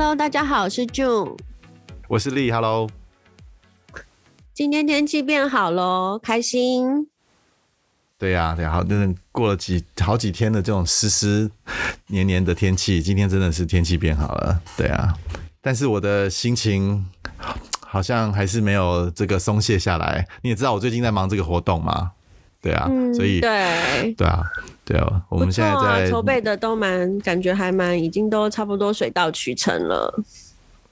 Hello，大家好，是我是 June，我是麗。Hello，今天天氣變好嘍，開心。對呀、啊，對呀、啊，好，真的過了幾好幾天的這種濕濕黏黏的天氣，今天真的是天氣變好了。對啊，但是我的心情好像還是沒有這個鬆懈下來。你也知道，我最近在忙這個活動嘛。對啊，嗯、所以對對啊。對啊、哦，我們現在在、啊、籌備的都蠻，感覺還蠻，已經都差不多水到渠成了。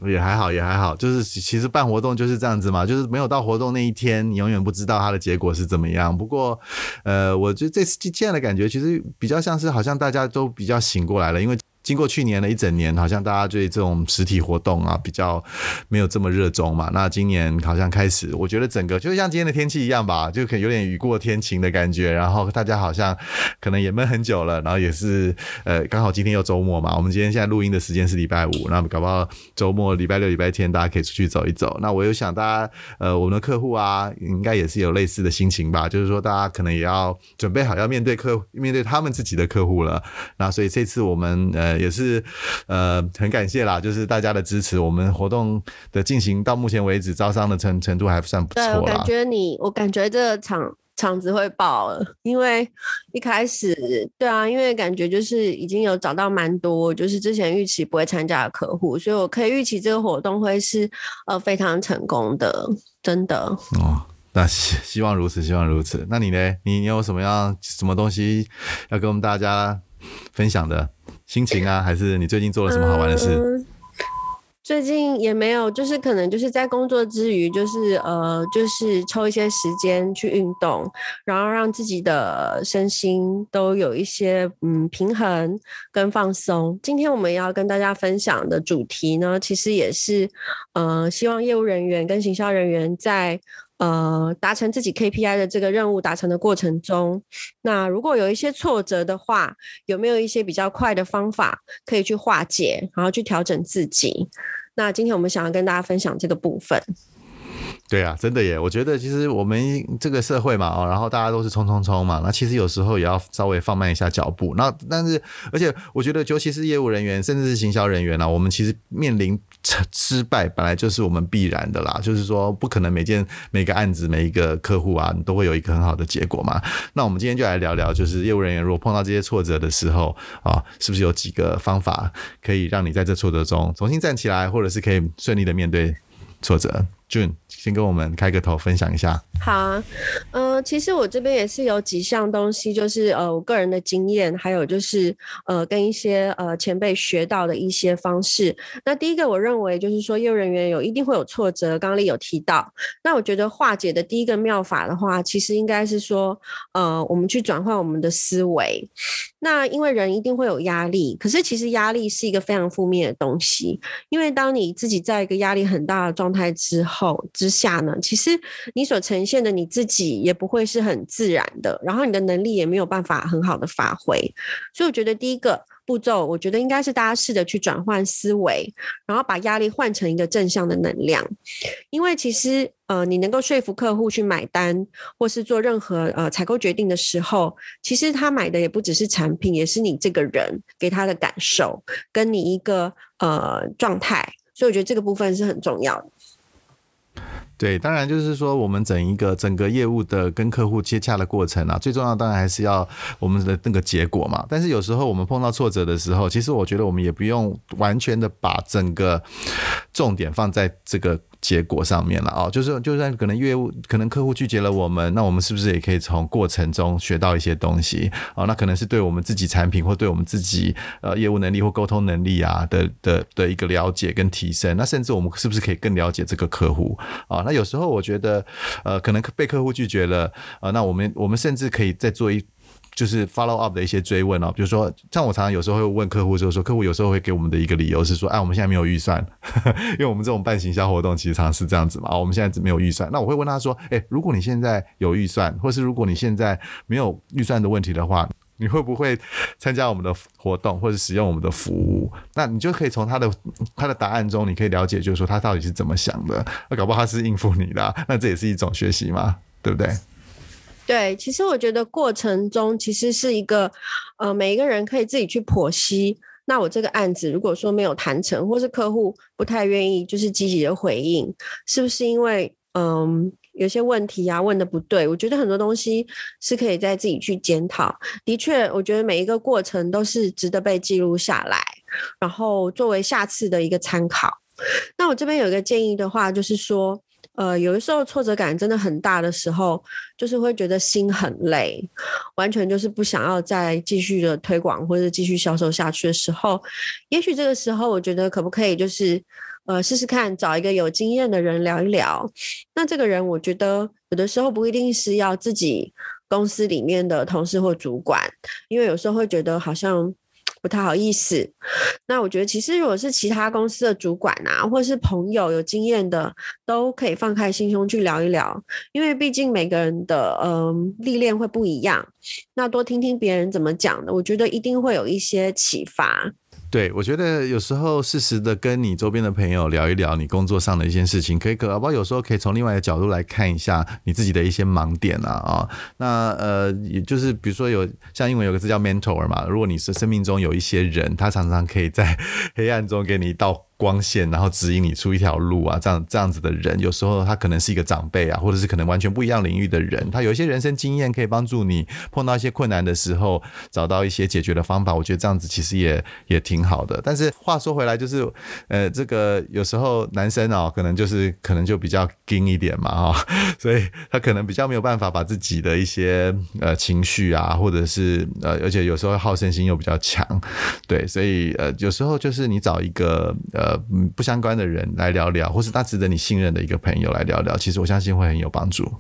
也還好，也還好，就是其實辦活動就是這樣子嘛，就是沒有到活動那一天，你永遠不知道它的結果是怎麼樣。不過，呃，我覺得這次現在的感覺其實比較像是，好像大家都比較醒過來了，因為。經過去年的一整年，好像大家對這種實體活動啊比較沒有這麼熱衷嘛。那今年好像開始，我覺得整個就像今天的天氣一樣吧，就可能有點雨過天晴的感覺。然後大家好像可能也悶很久了，然後也是呃，剛好今天又周末嘛。我們今天現在錄音的時間是禮拜五，那搞不好周末禮拜六、禮拜天大家可以出去走一走。那我又想大家呃，我們的客戶啊，應該也是有類似的心情吧，就是說大家可能也要準備好要面對客，面對他們自己的客戶了。那所以這次我們呃。也是，呃，很感謝啦，就是大家的支持。我們活動的進行到目前為止，招商的程程度還算不錯。我感覺你，我感覺這個場場子會爆了，因為一開始，對啊，因為感覺就是已經有找到蠻多，就是之前預期不會參加的客戶，所以我可以預期這個活動會是呃非常成功的，真的。哦，那希希望如此，希望如此。那你呢？你你有什麼樣什麼東西要跟我們大家分享的？心情啊，還是你最近做了什麼好玩的事？呃，最近也沒有，就是可能就是在工作之餘，就是呃，就是抽一些時間去運動，然後讓自己的身心都有一些嗯平衡跟放鬆。今天我們要跟大家分享的主題呢，其實也是呃，希望業務人員跟行銷人員在，呃，達成自己 KPI 的這個任務達成的過程中，那如果有一些挫折的話，有沒有一些比較快的方法可以去化解，然後去調整自己？那今天我們想要跟大家分享這個部分。對啊，真的耶！我覺得其實我們這個社會嘛，哦，然後大家都是衝衝衝嘛，那其實有時候也要稍微放慢一下腳步。那但是，而且我覺得，尤其是業務人員，甚至是行銷人員呢、啊，我們其實面臨失敗本來就是我們必然的啦，就是說不可能每件、每個案子、每一個客戶啊，都會有一個很好的結果嘛。那我們今天就來聊聊，就是業務人員如果碰到這些挫折的時候啊、哦，是不是有幾個方法可以讓你在這挫折中重新站起來，或者是可以順利的面對挫折？June 先跟我們開個頭，分享一下。好啊，嗯、呃，其實我這邊也是有幾項東西，就是呃我個人的經驗，還有就是呃跟一些呃前輩學到的一些方式。那第一個，我認為就是說業務人員有一定會有挫折，剛剛有提到。那我覺得化解的第一個妙法的話，其實應該是說，呃，我們去轉換我們的思維。那因為人一定會有壓力，可是其實壓力是一個非常負面的東西，因為當你自己在一個壓力很大的狀態之後。之下呢，其實你所呈現的你自己也不會是很自然的，然後你的能力也沒有辦法很好的發揮。所以我覺得第一個步驟，我覺得應該是大家試着去轉換思維，然後把壓力換成一個正向的能量。因為其實呃，你能夠說服客戶去買單或是做任何呃採購決定的時候，其實他買的也不只是產品，也是你這個人給他的感受跟你一個呃狀態。所以我覺得這個部分是很重要的。對，當然就是說，我們整一個整個業務的跟客戶接洽的過程啊，最重要當然還是要我們的那個結果嘛。但是有時候我們碰到挫折的時候，其實我覺得我們也不用完全的把整個重點放在這個。結果上面了啊，就是就算可能業務可能客戶拒絕了我們，那我們是不是也可以從過程中學到一些東西啊？那可能是對我們自己產品或對我們自己呃業務能力或溝通能力啊的的的一個了解跟提升。那甚至我們是不是可以更了解這個客戶啊？那有時候我覺得呃可能被客戶拒絕了啊，那我們我們甚至可以再做一。就是 follow up 的一些追問哦，比如說，像我常常有時候會問客戶，就是說，客戶有時候會給我們的一個理由是說，哎、啊，我們現在沒有預算呵呵，因為我們這種辦行銷活動，其實常是這樣子嘛，啊，我們現在沒有預算。那我會問他說，哎、欸，如果你現在有預算，或是如果你現在沒有預算的問題的話，你會不會參加我們的活動或者使用我們的服務？那你就可以從他的他的答案中，你可以了解，就是說他到底是怎麼想的。那、啊、搞不好他是應付你的、啊，那這也是一種學習嘛，對不對？對，其實我覺得過程中其實是一個，呃，每一個人可以自己去剖析。那我這個案子如果說沒有談成，或是客戶不太願意，就是積極的回應，是不是因為嗯、呃、有些問題啊問的不對？我覺得很多東西是可以再自己去檢討。的確，我覺得每一個過程都是值得被記錄下來，然後作為下次的一個參考。那我這邊有一個建議的話，就是說。呃，有的時候挫折感真的很大的時候，就是會覺得心很累，完全就是不想要再繼續的推廣或者繼續銷售下去的時候。也許這個時候，我覺得可不可以就是，呃，試試看找一個有經驗的人聊一聊。那這個人，我覺得有的時候不一定是要自己公司裡面的同事或主管，因為有時候會覺得好像。不太好意思，那我覺得其實如果是其他公司的主管啊，或者是朋友有經驗的，都可以放開心胸去聊一聊，因為畢竟每個人的嗯、呃、歷練會不一樣，那多聽聽別人怎麼講的，我覺得一定會有一些啟發。對，我覺得有時候適時的跟你周邊的朋友聊一聊你工作上的一些事情，可以可，包不，有時候可以從另外一個角度來看一下你自己的一些盲點啊啊、哦，那呃，也就是比如說有像英文有個字叫 mentor 嘛，如果你是生命中有一些人，他常常可以在黑暗中給你一道光線，然後指引你出一條路啊，這樣這樣子的人，有時候他可能是一個長輩啊，或者是可能完全不一樣領域的人，他有一些人生經驗可以幫助你碰到一些困難的時候找到一些解決的方法。我覺得這樣子其實也也挺好的。但是話說回來，就是呃，這個有時候男生哦，可能就是可能就比較硬一點嘛，哈，所以他可能比較沒有辦法把自己的一些呃情緒啊，或者是呃，而且有時候好勝心又比較強，對，所以呃，有時候就是你找一個呃。呃，不相關的人來聊聊，或是他值得你信任的一個朋友來聊聊，其實我相信會很有幫助。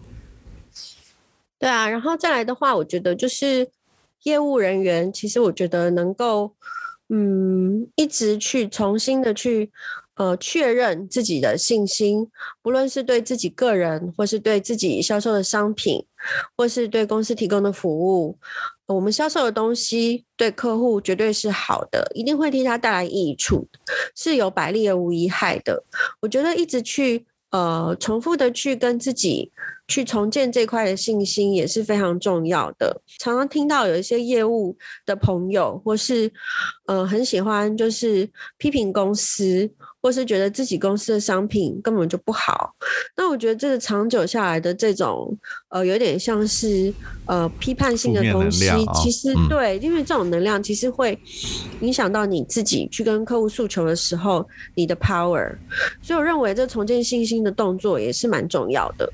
對啊，然後再來的話，我覺得就是業務人員，其實我覺得能夠，嗯，一直去重新的去呃確認自己的信心，不論是對自己個人，或是對自己銷售的商品，或是對公司提供的服務。我們銷售的東西對客戶絕對是好的，一定會替他帶來益處，是有百利而無一害的。我覺得一直去呃重複的去跟自己去重建這塊的信心也是非常重要的。常常聽到有一些業務的朋友或是呃很喜歡就是批評公司。或是覺得自己公司的商品根本就不好，那我覺得這個長久下來的這種呃，有點像是呃批判性的東西，其實對，因為這種能量其實會影響到你自己去跟客戶訴求的時候，你的 power。所以我認為這重建信心的動作也是蠻重要的。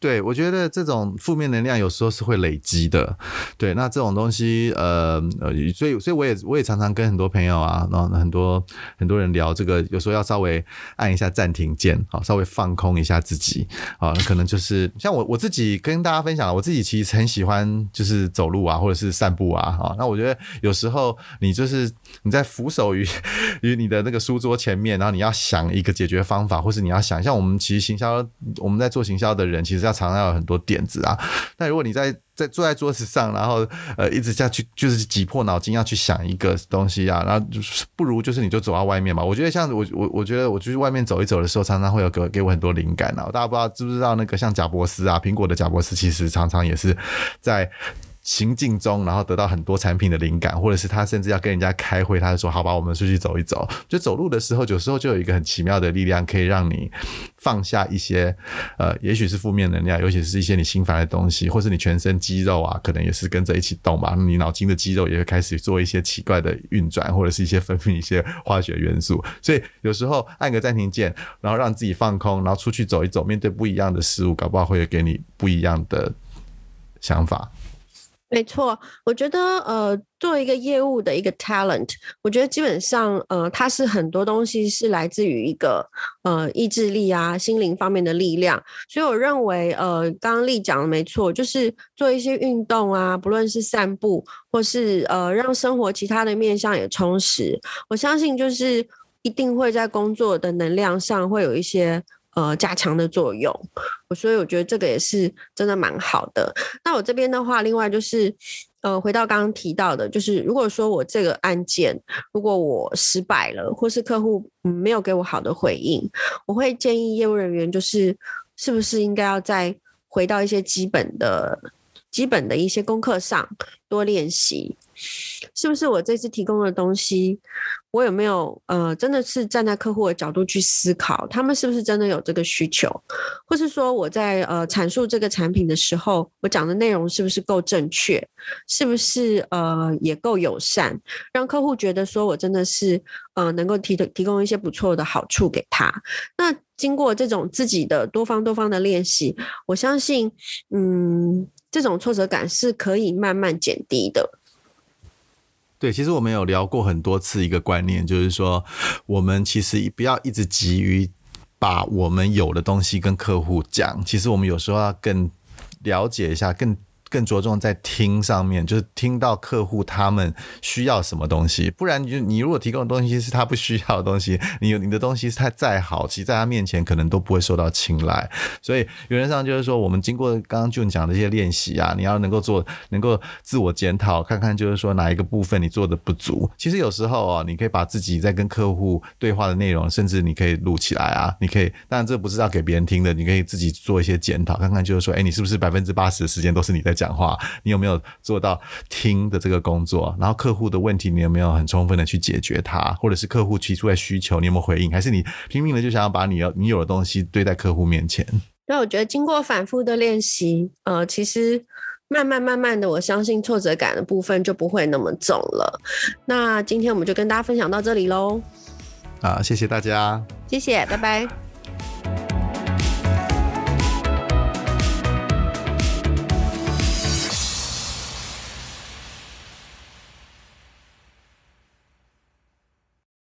對，我覺得這種負面能量有時候是會累積的。對，那這種東西，呃呃，所以所以我也我也常常跟很多朋友啊，然後很多很多人聊這個，有時候要稍微按一下暫停鍵，好，稍微放空一下自己，啊、可能就是像我我自己跟大家分享，我自己其實很喜歡就是走路啊，或者是散步啊，哈、啊，那我覺得有時候你就是你在俯首於於你的那個書桌前面，然後你要想一個解決方法，或是你要想，像我們其實行銷我們在做行銷的人，其實常常有很多點子啊，那如果你在在坐在桌子上，然後呃一直下去，就是擠破腦筋要去想一個東西啊，然後不如就是你就走到外面嘛。我覺得像我我我覺得我就是外面走一走的時候，常常會有給給我很多靈感啊。大家不知道知不知道那個像賈伯斯啊，蘋果的賈伯斯，其實常常也是在。情境中，然後得到很多產品的靈感，或者是他甚至要跟人家開會，他就說：“好吧，我們出去走一走。”就走路的時候，有時候就有一個很奇妙的力量，可以讓你放下一些呃，也許是負面能量，尤其是一些你心煩的東西，或是你全身肌肉啊，可能也是跟着一起動吧。你腦筋的肌肉也會開始做一些奇怪的運轉，或者是一些分泌一些化學元素。所以有時候按個暫停鍵，然後讓自己放空，然後出去走一走，面對不一樣的事物，搞不好會給你不一樣的想法。沒錯，我覺得呃，做一個業務的一個 talent，我覺得基本上呃，它是很多東西是來自於一個呃意志力啊、心靈方面的力量。所以我認為呃，剛剛麗講的沒錯，就是做一些運動啊，不論是散步或是呃，讓生活其他的面向也充實。我相信就是一定會在工作的能量上會有一些。呃，加強的作用，我所以我覺得這個也是真的蠻好的。那我這邊的話，另外就是，呃，回到剛剛提到的，就是如果說我這個案件，如果我失敗了，或是客戶沒有給我好的回應，我會建議業務人員就是，是不是應該要再回到一些基本的、基本的一些功課上多練習。是不是我這次提供的東西，我有沒有呃，真的是站在客戶的角度去思考，他們是不是真的有這個需求，或是說我在呃闡述這個產品的時候，我講的內容是不是夠正確，是不是呃也夠友善，讓客戶覺得說我真的是呃能夠提的提供一些不錯的好處給他？那經過這種自己的多方多方的練習，我相信嗯，這種挫折感是可以慢慢減低的。對，其實我們有聊過很多次一個觀念，就是說，我們其實不要一直急於把我們有的東西跟客戶講。其實我們有時候要更了解一下，更。更着重在聽上面，就是聽到客戶他們需要什麼東西，不然你就你如果提供的東西是他不需要的東西，你你的東西是太再好，其實在他面前可能都不會受到青睞。所以原則上就是說，我們經過剛剛俊講的這些練習啊，你要能夠做，能夠自我檢討，看看就是說哪一個部分你做的不足。其實有時候哦，你可以把自己在跟客戶對話的內容，甚至你可以錄起來啊，你可以，當然這不是要給別人聽的，你可以自己做一些檢討，看看就是說，哎、欸，你是不是百分之八十的時間都是你在。講話，你有沒有做到聽的這個工作？然後客戶的問題，你有沒有很充分的去解決它？或者是客戶提出來需求，你有沒有回應？還是你拼命的就想要把你你有的東西堆在客戶面前？那我覺得經過反復的練習，呃，其實慢慢慢慢的，我相信挫折感的部分就不會那麼重了。那今天我們就跟大家分享到這裡嘍。啊，謝謝大家，謝謝，拜拜。